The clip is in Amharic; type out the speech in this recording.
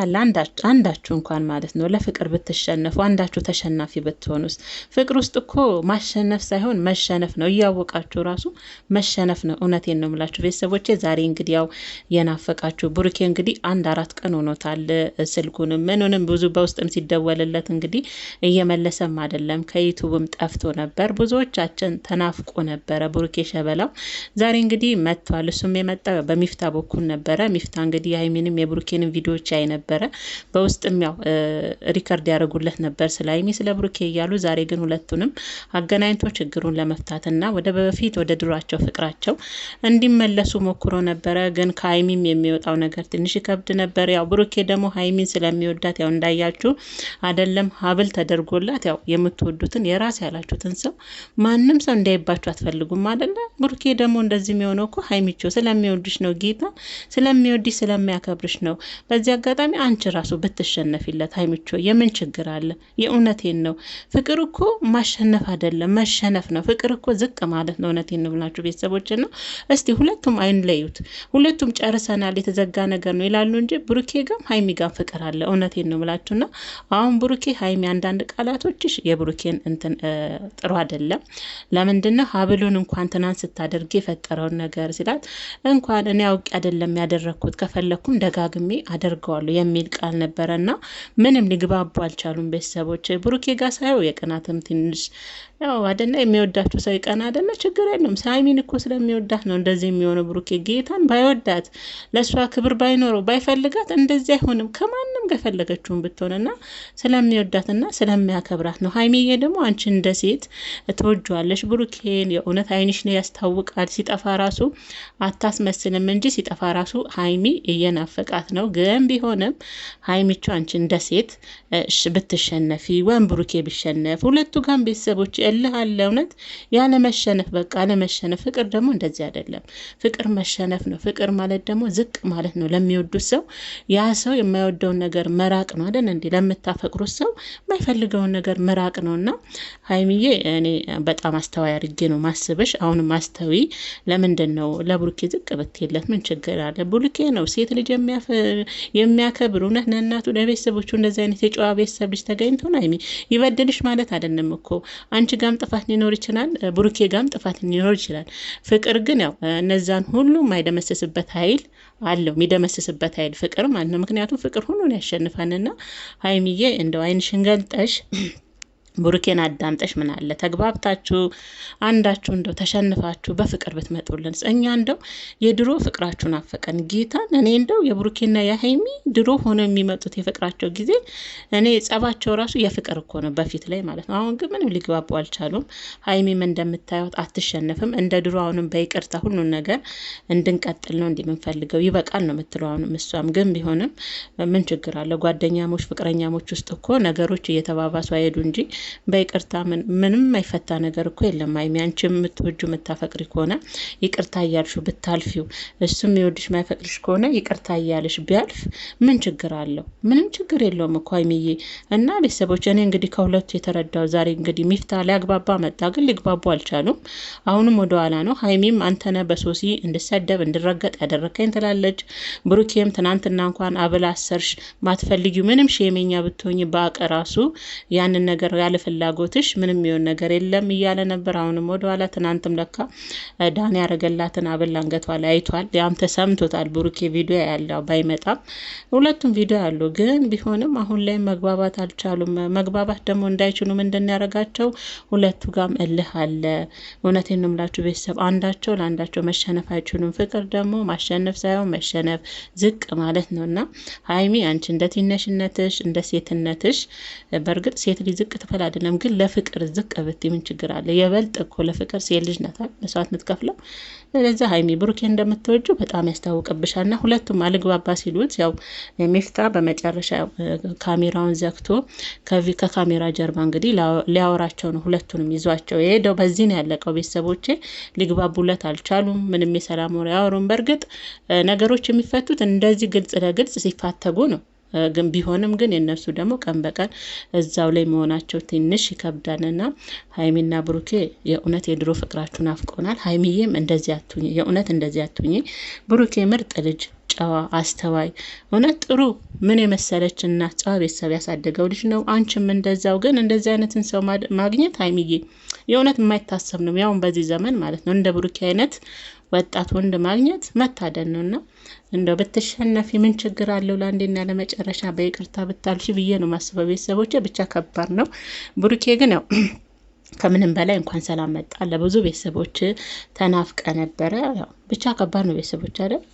አንዳችሁ እንኳን ማለት ነው ለፍቅር ብትሸነፉ አንዳችሁ ተሸናፊ ብትሆኑስ? ፍቅር ውስጥ እኮ ማሸነፍ ሳይሆን መሸነፍ ነው። እያወቃችሁ ራሱ መሸነፍ ነው። እውነቴን ነው የምላችሁ ቤተሰቦቼ። ዛሬ እንግዲህ ያው የናፈቃችሁ ብሩኬ እንግዲህ አንድ አራት ቀን ሆኖታል። ስልኩንም ምኑንም ብዙ በውስጥም ሲደወልለት እንግዲህ እየመለሰም አይደለም። ከዩቱብም ጠፍቶ ነበር። ብዙዎቻችን ተናፍቆ ነበረ ብሩኬ ሸበላው። ዛሬ እንግዲህ መጥቷል። እሱም የመጣ በሚፍታ በኩል ነበረ። ሚፍታ እንግዲህ የሀይሚንም የብሩኬንም ቪዲዮዎች አይነበ ነበረ። በውስጥም ያው ሪከርድ ያደረጉለት ነበር ስለ ሀይሚ ስለ ብሩኬ እያሉ ዛሬ ግን ሁለቱንም አገናኝቶ ችግሩን ለመፍታትና ወደ በፊት ወደ ድሯቸው ፍቅራቸው እንዲመለሱ ሞክሮ ነበረ። ግን ከሀይሚም የሚወጣው ነገር ትንሽ ይከብድ ነበር። ያው ብሩኬ ደግሞ ሀይሚን ስለሚወዳት ያው እንዳያችሁ አይደለም ሀብል ተደርጎላት ያው የምትወዱትን የራስ ያላችሁትን ሰው ማንም ሰው እንዳይባችሁ አትፈልጉም አይደለ? ብሩኬ ደግሞ እንደዚህ የሚሆነው እኮ ሀይሚቾ ስለሚወዱሽ ነው፣ ጌታ ስለሚወድሽ ስለሚያከብርሽ ነው። በዚህ አጋጣሚ በተደጋጋሚ አንቺ ራሱ ብትሸነፊለት ሀይሚቾ የምን ችግር አለ? የእውነቴን ነው። ፍቅር እኮ ማሸነፍ አይደለም መሸነፍ ነው። ፍቅር እኮ ዝቅ ማለት ነው። እውነቴን ነው ብላችሁ ቤተሰቦች ነው። እስቲ ሁለቱም አይንለዩት። ሁለቱም ጨርሰናል የተዘጋ ነገር ነው ይላሉ እንጂ ብሩኬ ጋም ሀይሚ ጋም ፍቅር አለ። እውነቴን ነው ና አሁን ብሩኬ ሀይሚ አንዳንድ ቃላቶችሽ የብሩኬን እንትን ጥሩ አይደለም። ለምንድነው ሀብሉን እንኳን ትናንት ስታደርግ የፈጠረውን ነገር ሲላት እንኳን እኔ አውቄ አይደለም ያደረግኩት ከፈለግኩም ደጋግሜ አደርገዋለሁ የሚል ቃል ነበረ እና ምንም ሊግባቡ አልቻሉም ቤተሰቦች። ብሩኬ ጋር ሳየው የቅናትም ትንሽ ያው አደለ የሚወዳችሁ ሰው ይቀና አደለ፣ ችግር የለም። ሳይሚን እኮ ስለሚወዳት ነው እንደዚህ የሚሆነው። ብሩኬ ጌታን ባይወዳት ለእሷ ክብር ባይኖረው ባይፈልጋት እንደዚህ አይሆንም። ከማንም ጋር ፈለገችውን ብትሆንና ስለሚወዳትና ስለሚያከብራት ነው። ሀይሚዬ ደግሞ አንቺ እንደ ሴት ትወጇዋለሽ ብሩኬን። የእውነት አይንሽ ነው ያስታውቃል። ሲጠፋ ራሱ አታስመስልም እንጂ ሲጠፋ ራሱ ሀይሚ እየናፈቃት ነው። ግን ቢሆንም ሀይሚቹ አንቺ እንደ ሴት ብትሸነፊ ወይም ብሩኬ ቢሸነፍ ሁለቱ ጋም ቤተሰቦች እልህ አለ። እውነት ያለመሸነፍ በቃ አለመሸነፍ። ፍቅር ደግሞ እንደዚህ አይደለም። ፍቅር መሸነፍ ነው። ፍቅር ማለት ደግሞ ዝቅ ማለት ነው። ለሚወዱት ሰው ያ ሰው የማይወደውን ነገር መራቅ ነው አይደል? እንዲ ለምታፈቅሩት ሰው የማይፈልገውን ነገር መራቅ ነው። እና ሀይሚዬ እኔ በጣም አስተዋይ አድርጌ ነው ማስብሽ። አሁን ማስተዊ ለምንድን ነው ለቡርኬ ዝቅ ብትለት ምን ችግር አለ? ቡርኬ ነው ሴት ልጅ የሚያከብር እውነት ለእናቱ ለቤተሰቦቹ እንደዚህ አይነት የጨዋ ቤተሰብ ልጅ ተገኝቶ ሀይሚ ይበድልሽ ማለት አይደለም እኮ አንቺ ጋም ጥፋት ሊኖር ይችላል፣ ብሩኬ ጋም ጥፋት ሊኖር ይችላል። ፍቅር ግን ያው እነዛን ሁሉ የማይደመስስበት ኃይል አለው የሚደመስስበት ኃይል ፍቅር ማለት ነው። ምክንያቱም ፍቅር ሁሉን ያሸንፋንና ሀይሚዬ እንደው አይንሽን ገልጠሽ ቡሩኬን አዳምጠሽ ምን አለ ተግባብታችሁ አንዳችሁ እንደው ተሸንፋችሁ በፍቅር ብትመጡልን። እኛ እንደው የድሮ ፍቅራችሁን አፈቀን ጌታን። እኔ እንደው የቡሩኬና የሀይሚ ድሮ ሆነው የሚመጡት የፍቅራቸው ጊዜ እኔ ጸባቸው ራሱ የፍቅር እኮ ነው በፊት ላይ ማለት ነው። አሁን ግን ምንም ሊግባቡ አልቻሉም። ሀይሚም እንደምታዩት አትሸንፍም። እንደ ድሮ አሁንም በይቅርታ ሁሉን ነገር እንድንቀጥል ነው እንደምንፈልገው ይበቃል ነው የምትለው አሁንም እሷም ግን ቢሆንም ምን ችግር አለ ጓደኛሞች፣ ፍቅረኛሞች ውስጥ እኮ ነገሮች እየተባባሱ አይሄዱ እንጂ በይቅርታ ምንም አይፈታ ነገር እኮ የለም። ሀይሚ አንቺ የምትወጁ የምታፈቅሪ ከሆነ ይቅርታ እያልሹ ብታልፊው፣ እሱም የወድሽ ማይፈቅድሽ ከሆነ ይቅርታ እያልሽ ቢያልፍ ምን ችግር አለው? ምንም ችግር የለውም እኮ ሀይሚዬ እና ቤተሰቦች። እኔ እንግዲህ ከሁለቱ የተረዳው ዛሬ እንግዲህ ሚፍታ ሊያግባባ መጣ፣ ግን ሊግባቡ አልቻሉም። አሁንም ወደኋላ ነው። ሀይሚም አንተነ በሶሲ እንድሰደብ እንድረገጥ ያደረከኝ ትላለች። ብሩኬም ትናንትና እንኳን አብላ አሰርሽ ማትፈልጊው ምንም ሼሜኛ ብትሆኝ በአቀ ራሱ ያንን ነገር ያለ ፍላጎትሽ ምንም የሚሆን ነገር የለም እያለ ነበር። አሁንም ወደኋላ ትናንትም ለካ ዳን ያረገላትን አብል አንገቷ ላይ አይቷል። ያም ተሰምቶታል። ብሩኬ ቪዲዮ ያለው ባይመጣም ሁለቱም ቪዲዮ ያሉ ግን ቢሆንም አሁን ላይ መግባባት አልቻሉም። መግባባት ደግሞ እንዳይችሉ ምንድን ያደረጋቸው ሁለቱ ጋም እልህ አለ። እውነቴን ነው የምላችሁ ቤተሰብ አንዳቸው ለአንዳቸው መሸነፍ አይችሉም። ፍቅር ደግሞ ማሸነፍ ሳይሆን መሸነፍ ዝቅ ማለት ነው እና ሀይሚ አንቺ እንደ ትነሽነትሽ እንደ ሴትነትሽ በእርግጥ ሴት ዝቅ ትፈላ መክፈል አይደለም ግን ለፍቅር ዝቅ ብት ምን ችግር አለ? የበልጥ እኮ ለፍቅር ሴት ልጅ ናት መስዋዕት ምትከፍለው። ስለዚህ ሀይሚ ብሩኬ እንደምትወጁ በጣም ያስታውቅብሻል። ና ሁለቱም አልግባባ ሲሉት ያው ሚፍታ በመጨረሻ ካሜራውን ዘግቶ ከካሜራ ጀርባ እንግዲህ ሊያወራቸው ነው ሁለቱንም ይዟቸው የሄደው። በዚህ ነው ያለቀው። ቤተሰቦቼ ሊግባቡለት አልቻሉም። ምንም የሰላም ወሬ አያወሩም። በእርግጥ ነገሮች የሚፈቱት እንደዚህ ግልጽ ለግልጽ ሲፋተጉ ነው። ግን ቢሆንም ግን የእነሱ ደግሞ ቀን በቀን እዛው ላይ መሆናቸው ትንሽ ይከብዳልና ሀይሚና ብሩኬ የእውነት የድሮ ፍቅራችሁን አፍቆናል። ሀይሚዬም እንደዚያ አትሁኝ፣ የእውነት እንደዚያ አትሁኝ። ብሩኬ ምርጥ ልጅ ጨዋ አስተዋይ፣ እውነት ጥሩ ምን የመሰለች እናት ጨዋ ቤተሰብ ያሳደገው ልጅ ነው። አንቺም እንደዛው። ግን እንደዚህ አይነትን ሰው ማግኘት ሀይሚዬ የእውነት የማይታሰብ ነው። ያውን በዚህ ዘመን ማለት ነው እንደ ብሩኬ አይነት ወጣት ወንድ ማግኘት መታደል ነው። እና እንደው ብትሸነፊ ምን ችግር አለው? ለአንዴና ለመጨረሻ በይቅርታ ብታልሽ ብዬ ነው ማስበው። ቤተሰቦች ብቻ ከባድ ነው። ብሩኬ ግን ያው ከምንም በላይ እንኳን ሰላም መጣ ለብዙ ቤተሰቦች ተናፍቀ ነበረ። ብቻ ከባድ ነው ቤተሰቦች አይደል